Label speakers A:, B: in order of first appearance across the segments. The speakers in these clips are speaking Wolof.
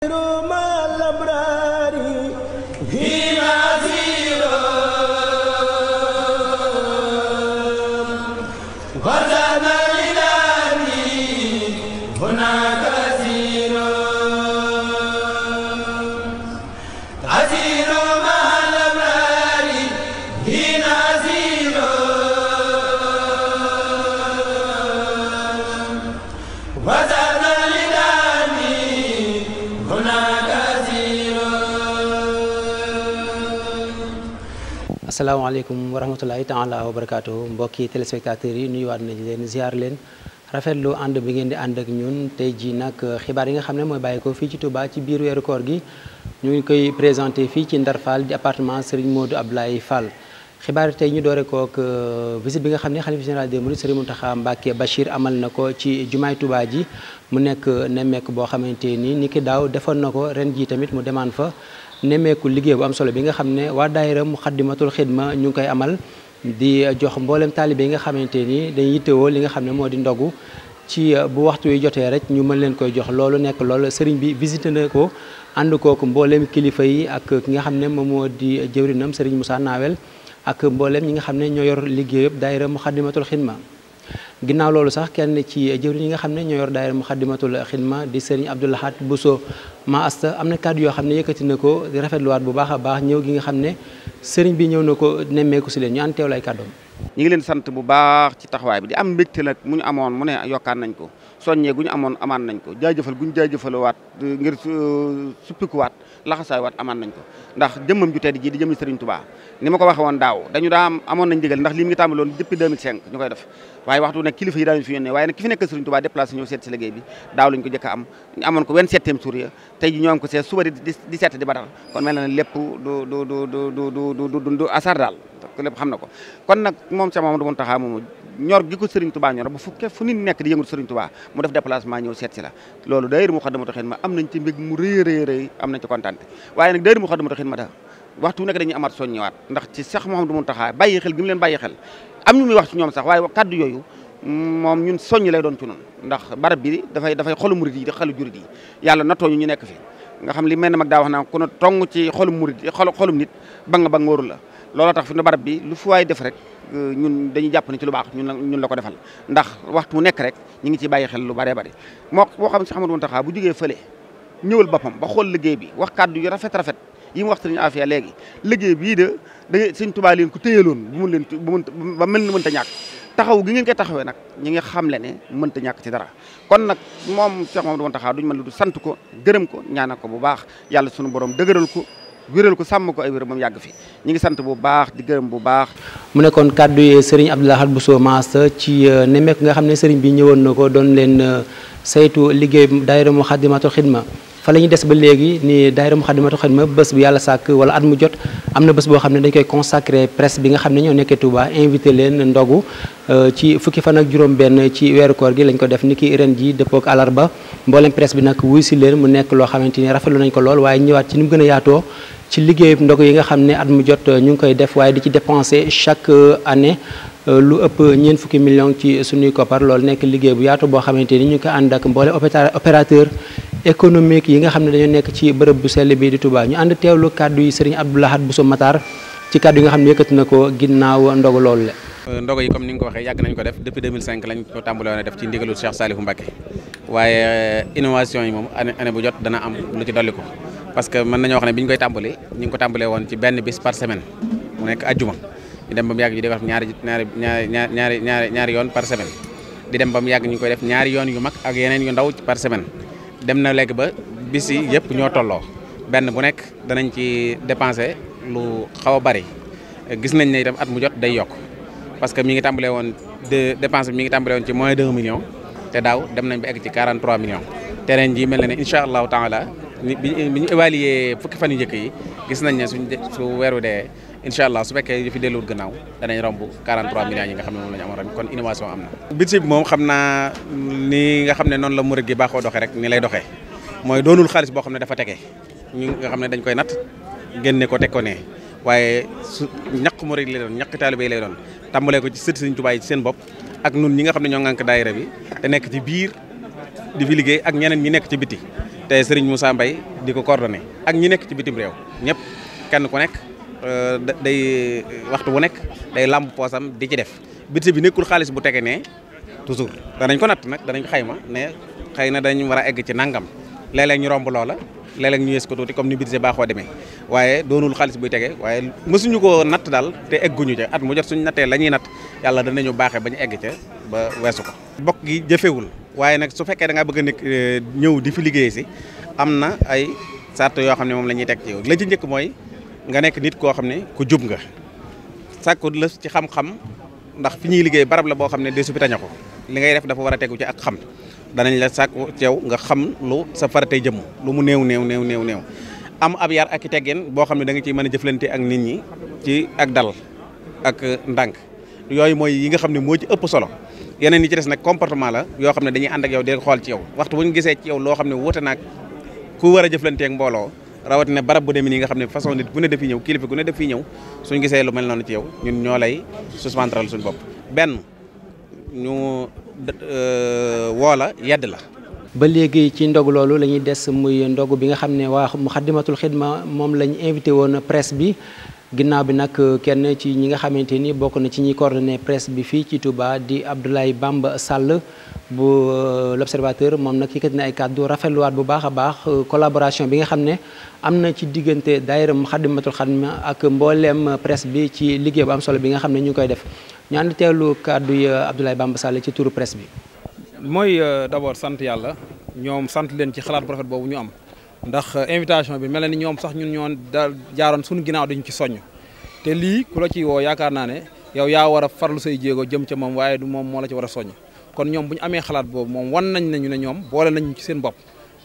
A: Pero asalaamaaleykum wa rahmatulahi taala wa barakaatuhu mbokki téléspectateurs yi waat nañ leen ziar leen rafetlu ànd bi ngeen di ànd ak ñun tey jii nag xibaar yi nga xam ne mooy bàyyi ko fii ci tubaa ci biir weeru koor gi ñu ngi koy présenté fii ci Ndar Fall di appartement Serigne ab Abdoulaye Fall xibaar tey ñu doore kook euh, visite bi nga xam ne xalifa général des mourides mu Mountakha Mbacké Bachir amal na ko ci jumaay tubaa ji mu nekk nemmeek boo xamante ni ni ki daaw defoon na ko ren jii tamit mu demaan fa nemmeeku liggéey bu am solo bi nga xam ne waa daayira Muxaddamatul Xidma ñu ngi koy amal di jox mboolem taalibe yi nga xamante ni dañuy yittewoo li nga xam ne moo di ndogu ci uh, bu waxtu wi jotee rek ñu mën leen koy jox loolu nekk lool sëriñ bi visité na ko ànd kooku mbooleem kilifa yi ak ki nga xam ne moom moo di jëwrinam sëriñ Moussa Nawel ak mbooleem ñi nga xam ne ñoo yor liggéey yëpp daayira Muxaddamatul Xidma ginnaaw loolu sax kenn ci jëwriñ ñi nga xam ne ñoo yor daayira Muxaddamatul Xidma di sëriñ Abdou bu soo ma asta am na kàddu yoo xam ne yëkkati na ko rafetluwaat bu baax a baax ñëw gi nga xam ne sëriñ bi ñëw na ko nemmeeku si leen ñu ànd teewlu ay kàddoom.
B: ñu ngi leen sant bu baax ci taxawaay bi di am mbégte nag mu ñu amoon mu ne yokkaan nañ ko soññee gu ñu amoon amaan nañ ko jaajëfal gu ñu jaajëfalawaat euh, ngir euh, suppikuwaat laxasaaywaat amaan nañ ko ndax jëmmam ju tedd ji di jëmmi Serigne Touba ni ma ko waxe woon daaw dañu daa amoon nañ digal ndax lii mi ngi tàmbaloon depuis 2005 ñu koy def waaye waxtu nekk kilifa yi daañu fi yónnee waaye nag ki fi nekk Serigne Touba déplacé ñëw seet si liggéey bi daaw lañ ko jëkk a am ñu amoon ko wenn septième jour ya tey ji ñoo am ko seet suba di seet di badar kon mel na du du du du du xam na ko kon nag moom Cheikh Mamadou Mountakha moomu ñor gi ko Serigne Touba ñor ba fukke fu nit nekk di yëngatu Serigne Touba mu def déplacement ñëw seet si la loolu daayira Moukhaddamatoul Khidma am nañ ci mbég mu rëy rëy rëy am nañ ci kontaan waaye nag daayira Moukhaddamatoul Khidma da waxtu nekk dañuy amaat soññewaat ndax ci Cheikh Mouhamadou Mountakha mu leen bàyyi xel am ñu muy wax ci ñoom kaddu yooyu moom ñun soññ lay doon ci noonu ndax barab bi dafay dafay xolu murid yi di xolu jurid yi yàlla nattoo ñu ñu nekk fi nga xam li mel ne mag daa wax naa ku na tong ci xolum murid xolum nit ba nga ba nga warul la looloo tax fi na barab bi lu fi waay def rek euh, ñun dañuy jàpp ne ci lu baax ñun ñun la ko defal ndax waxtu nekk rek ñu ngi ci bàyyi xel lu bëree bëri moo boo xam ne si Amadou Mountakha bu jógee fële ñëwal boppam ba xool liggéey bi wax kàddu yu rafet rafet yi mu wax sëriñ Afia léegi liggéey bii de da sëriñ Tuubaa leen ko téyaloon bu mun leen ba mel ni mënta ñàkk taxaw gi ngeen koy taxawee nag ñi ngi le ne mën mënta ñàkk ci dara kon nag moom Cheikh Mamadou Mountakha duñ ma lu du sant ko gërëm ko ñaanal ko bu baax yàlla sunu borom dëgëral ko wéral ko sàmm ko ay wér moom yàgg fi ñu ngi sant bu baax di gërëm bu
A: baax. mu nekkoon kàddu yi sëriñ Abdou bu soo Maasta ci euh, ne mekk nga xam ne sëriñ bi ñëwoon na ko doon leen euh, saytu liggéey daayira Muxaddamatul Xidma fa la ñu des ba léegi ni daayira Muxaddamatul Xidma bés bu yàlla sàkk wala at mu jot am na bës boo xam ne dañ koy consacré presse bi nga xam ne ñoo nekkee Touba invité leen ndogu euh, ci fukki fan ak juróom-benn ci weeru koor gi lañ ko def ni ki ren ji dëppook àllarba mboolem presse bi nag wuy si leen mu nekk loo xamante ni rafetlu nañ ko lool waaye ñëwaat ci ni gën a yaatoo ci liggéeyub ndog yi nga xam ne at mu jot euh, ñu ngi koy def waaye di ci dépenser chaque euh, année euh, lu ëpp ñeent fukki million ci suñuy koppar loolu nekk liggéey bu yaatu boo xamante ni ñu ngi ko ànd ak mboole opérateur économique yi nga xam ne dañoo nekk ci bërëb bu sell bi di Touba ñu ànd teewlu kàddu yi sëriñ Abdou Lahad Bousso Matar ci kàddu yi nga xam ne yëkkati na ko ginnaaw ndogu loolu la.
C: ndogo yi comme ni nga ko waxee yàgg nañ ko def depuis 2005 lañ ko tàmbale woon a def ci ndigalu Cheikh Salifou Mbacké waaye innovation yi moom année bu jot dana am lu ci dolli ko parce que mën nañoo wax ne bi ñu koy tàmbali ñu ngi ko tàmbalee woon ci benn bis par semaine mu nekk ajjuma di dem ba mu yàgg ñu di wax ñaari yoon par semaine di dem ba mu yàgg ñu koy def ñaari yoon yu mag ak yeneen yu ndaw par semaine dem na léegi ba bis yi yëpp ñoo tolloo benn bu nekk danañ ci dépenser lu xaw a bari gis nañ ne itam at mu jot day yokk parce que mi ngi tàmbalee woon de dépense bi ngi tàmbalee woon ci moins de 2 te daaw dem nañ ba egg ci 43 millions te bi ñu évalué fukki fan yu njëkk yi gis nañ ne suñ su weeru dee incha allah su fekkee yëfi delluwul gannaaw danañ romb 43 millions yi nga xam ne moom la ñu amoon ren kon naa ni nga xam ne noonu la murid gi baaxoo doxee rek ni lay doxee mooy doonul xaalis boo xam ne dafa tege nga xam ne dañ koy natt génne ko teg ko ne waaye su ñaq murid lay doon ñaq taalibe lay doon tàmbalee ko ci sët Sëriñ Tuubaa yi ci seen bopp ak nun ñi nga xam ne ñoo ngànk daay bi te nekk ci biir di fi liggéey ak ñeneen ñi nekk ci biti te Serigne Moussa Mbaye di ko coordonné ak ñi nekk ci bitim réew ñëpp kenn ku nekk euh, day euh, waxtu bu nekk day làmb poosam di ci def budget bi nekkul xaalis bu tege ne toujours danañ ko natt nag danañ ko xayma ne xëy na dañ war a egg ci nangam léeg-léeg ñu romb loola léeg ñu yées ko tuuti comme ni budget baaxoo demee waaye doonul xaalis buy tege waaye mësuñu koo natt daal te egguñu ca at mu jot suñu nattee la ñuy natt yàlla danañu baaxe ba ñu egg ca ba weesu ko bokk gi jëfewul waaye nag su fekkee da ngaa bëgg a nekk eh, ñëw di fi liggéey si am na ay sart yoo xam ne moom la ñuy teg ci la ci njëkk mooy nga nekk nit koo xam ne ku jub nga sàkku la ci xam-xam ndax fi ñuy liggéey barab la boo xam ne desu bi taña ko li ngay def dafa war a tegu ci ak xam danañ la sàkk ceew nga xam lu sa faratay jëmm lu mu néew néew néew néew néew am ab yar ak i teggin boo xam ne da nga ciy mën a jëflante ak nit ñi ci ak dal ak ndànk yooyu mooy yi nga xam ne moo ci ëpp solo yeneen yi ci des nag comportement la yoo xam ne dañuy ànd ak yow di xool ci yow waxtu bu ñu gisee ci yow loo xam ne wuute naag ku war a jëflanteeg mbooloo rawatina barab bu demee nii nga xam ne façon nit gu ne daf fi ñëw kilifa gu ne daf fi ñëw suñu gisee lu mel yow ñun ñoo lay suspendre suñu bopp benn ñu Euh, woo la yedd la.
A: ba léegi ci ndog loolu la ñuy des muy ndog bi nga xam ne waa Muxaddamatul Xidma moom lañu invité woon presse bi ginnaaw bi nag kenn ci ñi nga xamante ni bokk na ci ñi coordonné presse bi fii ci Touba di Abdoulaye Bamba Sall bu euh, l'observateur moom nag yëkkati na ay kàddu rafetluwaat bu baax a baax collaboration bi nga xam ne am na ci diggante daayira xaddimatul Xidma ak mbooleem presse bi ci liggéey bu am solo bi nga xam ne ñu koy def. ñu ànd teelu kàddu yi euh, Abdoulaye Bamba Sall ci tour presse bi.
D: mooy euh, d'abord sant yàlla ñoom sant leen ci xalaat bu boobu ñu am ndax euh, invitation bi mel na ni ñoom sax ñun ñoo daal jaaroon suñu ginnaaw dañu ci soññ te lii ku la ci woo yaakaar naa ne yow yaa war a farlu say jéego jëm ca moom waaye du moom moo la ci war a soññ kon ñoom bu ñu amee xalaat boobu moom wan nañ nañu ne ñoom boole nañu ci seen bopp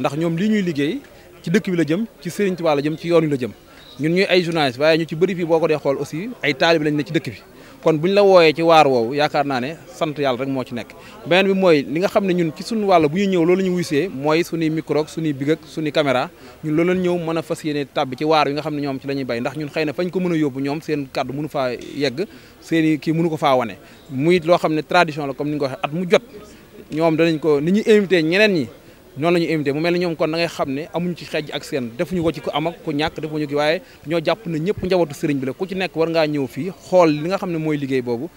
D: ndax ñoom lii ñuy liggéey ci dëkk bi la jëm ci Serigne Touba la jëm ci la jëm ñun ñuy ay journaliste waaye ñu ci bëri fii boo ko dee xool aussi ay taalib lañ ne ci dëkk bi kon bu ñu la wooyee ci waar woowu yaakaar naa ne sant yàlla rek moo ci nekk beneen bi mooy li nga xam ne ñun ci suñu wàll bu ñu ñëw loolu ñu wuysee mooy suñuy micro su suñuy big ak suñuy caméra ñun loolu la ñëw mën a fas yéene tàbbi ci waar yi nga xam ne ñoom ci la ñuy bay ndax ñun xëy na fañ ko mën a yóbbu ñoom seen kàddu mënu faa yegg seeni kii mënu ko faa wane muy loo xam ne tradition la comme ni nga ko at mu jot ñoom danañ ko ni ñuy invité ñeneen ñi noonu la ñu invité mu mel ni ñoom kon da xam ne amuñu ci xejj ak seen defuñu ko ci ku am ak ku ñàkk defuñu ko waaye ñoo jàpp ne ñëpp njabootu sëriñ bi la ku ci nekk war ngaa ñëw fii xool li nga xam ne mooy liggéey boobu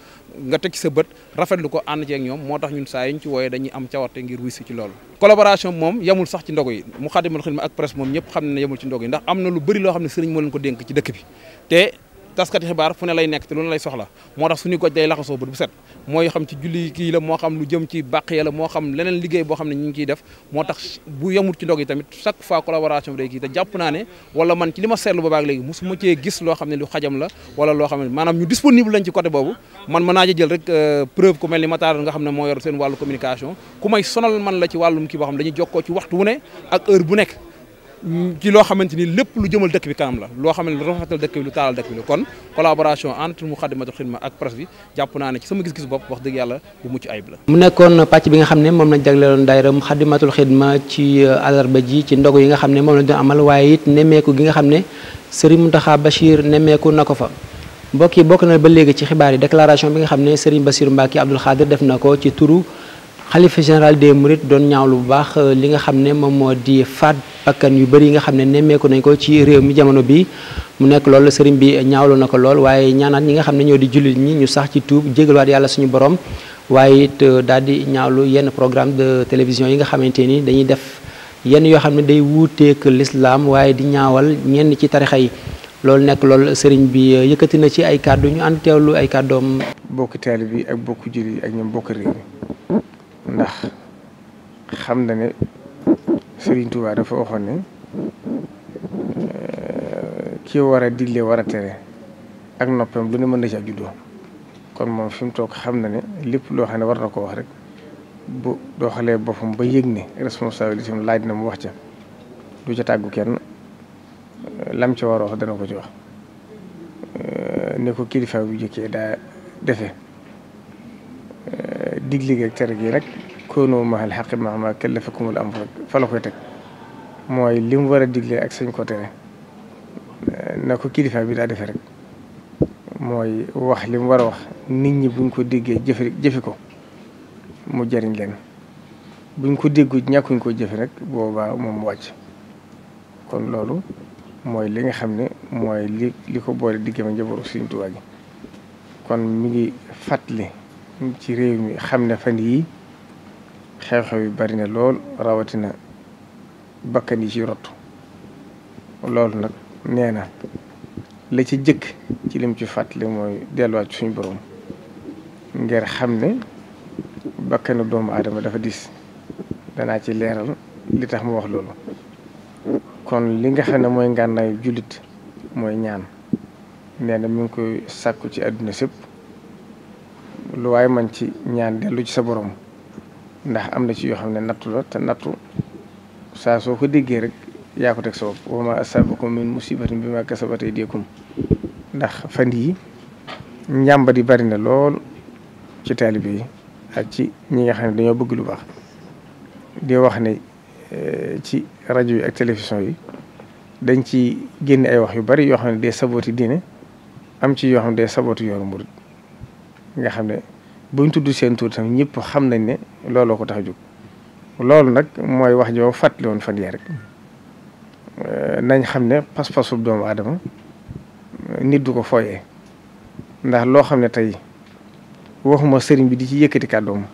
D: nga teg ci sa bët rafetlu ko ànd ceeg ñoom moo tax ñun saa yuñ ci wooyee dañuy am cawarte ngir wisi ci loolu collaboration moom yemul sax ci ndogu yi mu xadimal xidma ak presse moom ñëpp xam ne yemul ci ndogu yi ndax am na lu bëri loo xam ne sëriñ ko dénk ci bi te taskati xibaar fu ne lay nekk te lu ne lay soxla moo tax suñu goj day laxasoo bët bu set mooy xam ci julli kii la moo xam lu jëm ci bàq ya la moo xam leneen liggéey boo xam ne ñu ngi ciy def moo tax bu yemut ci ndog yi tamit chaque naa ne wala man ci li ma seetlu boobaak léegi mosuma cee gis loo ne lu xajam la wala loo xam ne maanaam ñu disponible lañ ci côté boobu man mën naa jël rek euh, preuve ku mel ni Matar nga xam ne moo yor seen wàllu communication ku may sonal man la ci wàllum kii boo xam ne dañuy jokkoo ci waxtu wu ne ak heure bu nekk ci loo xamante ni lépp lu jëmal dëkk bi kanam la loo xam ne lu rafetal dëkk bi lu taalal dëkk bi la kon collaboration entre Moukhaddamatoul Khidma ak presse bi jàpp naa ne ci sama gis-gis bopp wax dëgg yàlla bu mucc ayib la
A: mu nekkoon pàcc bi nga xam ne moom lañ jagleeloon daayira Moukhaddamatoul Khidma ci euh, àllarba ji ci ndogu yi nga xam ne moom la doon amal waaye it nemmeeku gi nga xam ne Serigne Mountakha Bachir nemmeeku na ko fa mbokk yi bokk na ba léegi ci xibaar yi déclaration bi nga xam ne Serigne Bassirou Mbacké Abdoul def na ko ci turu xalifa général des Mourides doon ñaawlu bu baax euh, li nga xam ne moom moo di faat bakkan yu bari yi nga xam ne nemmeeku nañ ko ci réew mi jamono bi mu nekk lool sëriñ bi ñaawlu na ko lool waaye ñaanaat ñi nga xam ne ñoo di jullit ñi ñu sax ci tuub jégaluwaat yàlla suñu borom waaye it euh, daal di ñaawlu yenn programme de télévision yi nga xamante ni dañuy def yenn yoo xam ne day wuuteek lislaam waaye di ñaawal ñenn ci tarixa yi loolu nekk lool sëriñ bi euh, yëkkati na ci ay kàddu
E: ñu ànd teewlu ay kàddoom. bokk taalibe bi ak bokk jullit ak ñoom bokk réew ndax xam na ne Serigne dafa waxoon ne euh, ki war a digle war a tere ak noppam lu ne mën na ci juddoo kon moom fi toog xam na ne lépp loo xam ne war na ko wax rek bu doxalee boppam ba yëg ne responsabilité laaj na mu wax ca du ca tàggu kenn euh, lam ca war a dana ko ci wax euh, ne ko kilifa bu jëkkee daa defe digle gi tere gi rek koo koonoo mahal xaqi mahma kallafakumul am fa la koy teg mooy li mu war a digle ak sañ ko tere na ko kilifa bi daa defee rek mooy wax li war a wax nit ñi buñ ko diggee jëfe jëfe ko mu jariñ leen buñ ko déggu ñàkkuñ ko jëfe rek boobaa moom mu wàcc kon loolu mooy li nga xam ne mooy li ko boole diggam ak njabootu Sëriñ Tuubaa gi kon mi ngi fàttali ci réew mi xam ne fan yii xew-xew yi bari na lool rawatina bakkan yi ci rot loolu nag nee na la ci jëkk ci lim ci fàttali mooy delluwaat ci suñu borom ngir xam ne bakkanu doomu aadama dafa diis danaa ci leeral li tax mu wax loolu kon li nga xam ne mooy ngànnaayu jullit mooy ñaan nee na mu ngi koy sàkku ci àdduna sépp lu waaye man ci ñaan dellu ci sa borom ndax am na ci yoo xam ne nattu la te nattu saa soo ko déggee rek yaa ko teg sa bopp wa ma asabakum min musibatin bi ma kasabat aydikum ndax fan yi njàmbat yi bari na lool ci taalibe yi ak ci ñi nga xam ne dañoo bëgg lu baax di wax ne eh, ci rajo yi ak télévision yi dañ ci génn ay wax yu bari yoo xam ne day sabooti diine am ci yoo xam ne day sabooti yoonu murid nga xam ne buñ tudd seen tur tamit ñëpp xam nañ ne looloo ko tax a jóg loolu nag mooy wax joo fàttali woon fan yii rek eh, nañ xam ne pas-pasu doomu aadama nit du ko fooyee ndax loo xam ne tey waxuma sëriñ bi di ci yëkkati kàddoom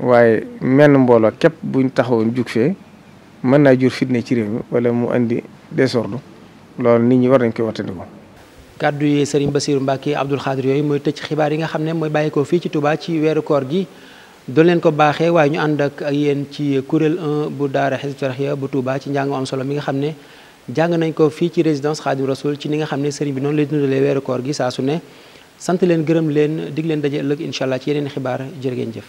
E: waaye menn mbooloo képp buñ taxawoon jug fee mën naa jur fitne ci réew mi wala mu indi désordre loolu nit ñi war nañ koy wattandiku
A: kàddu yi Serigne Bassirou Mbacke Abdoul Khadir yooyu mooy tëj xibaar yi nga xam ne mooy bàyyeekoo fii ci Touba ci weeru koor gi doon leen ko baaxee waaye ñu ànd ak yéen ci kuréel 1 bu daara Hizbut Tarqiyyah bu ci njàng am solo mi nga xam ne jàng nañ ko fii ci résidence Khadim Rasoul ci ni nga xam ne Serigne bi noonu lay dundalee weeru koor gi saa su ne sant leen gërëm leen dig leen daje ëllëg incha allah ci yeneen xibaar jërë ngeen jëf.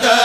E: laka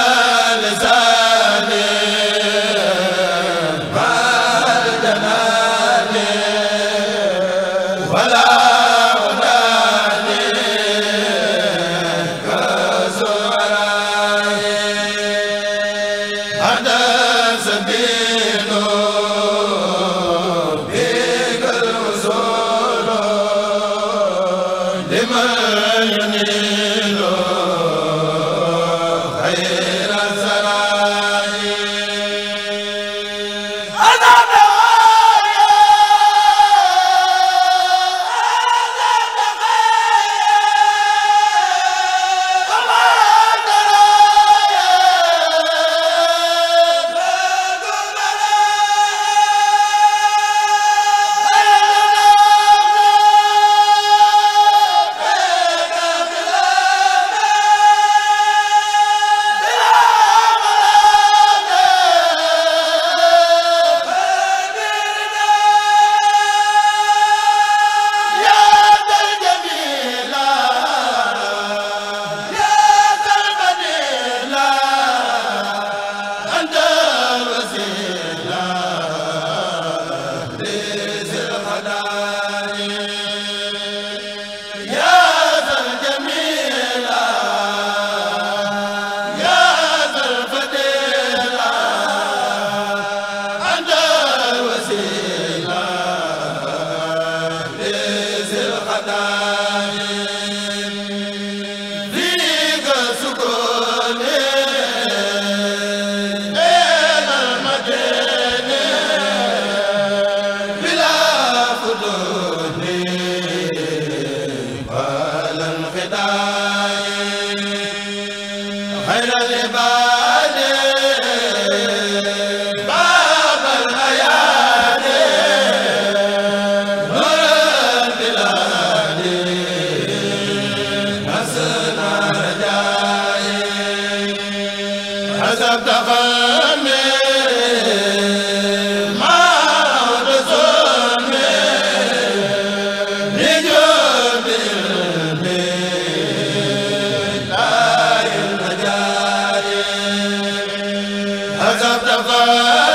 E: la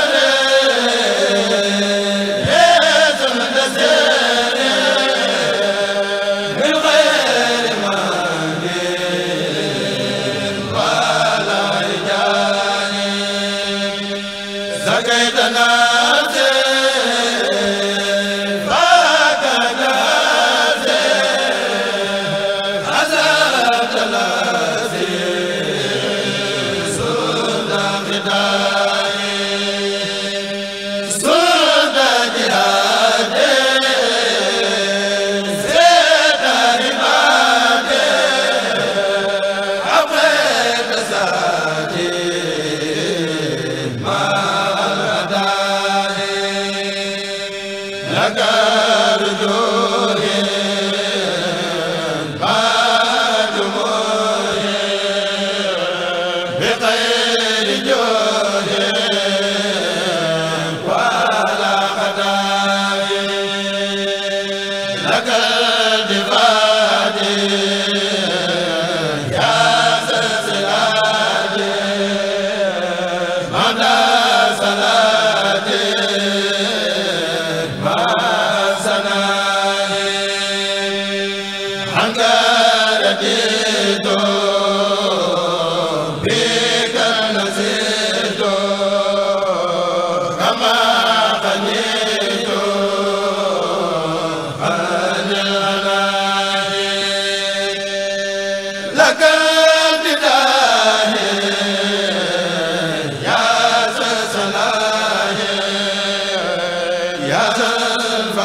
E: la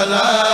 E: la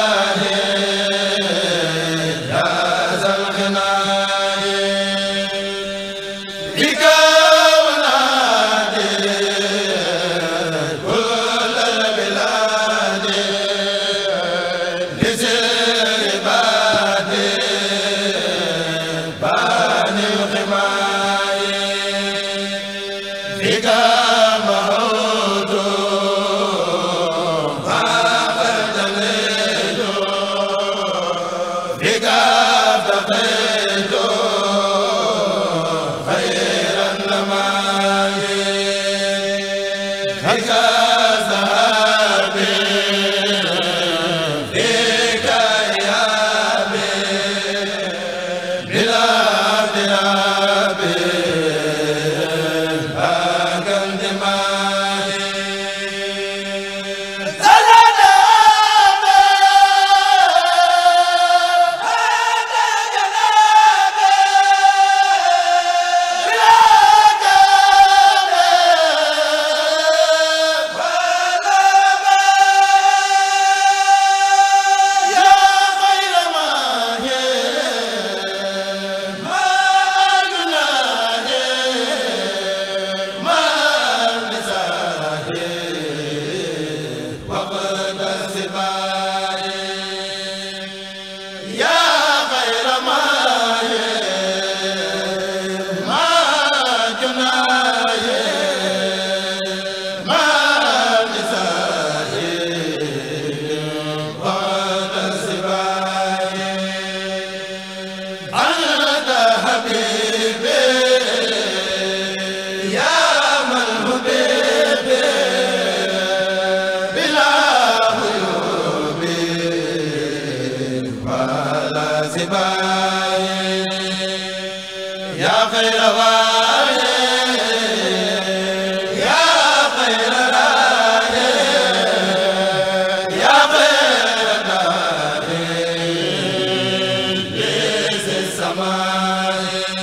E: la
A: la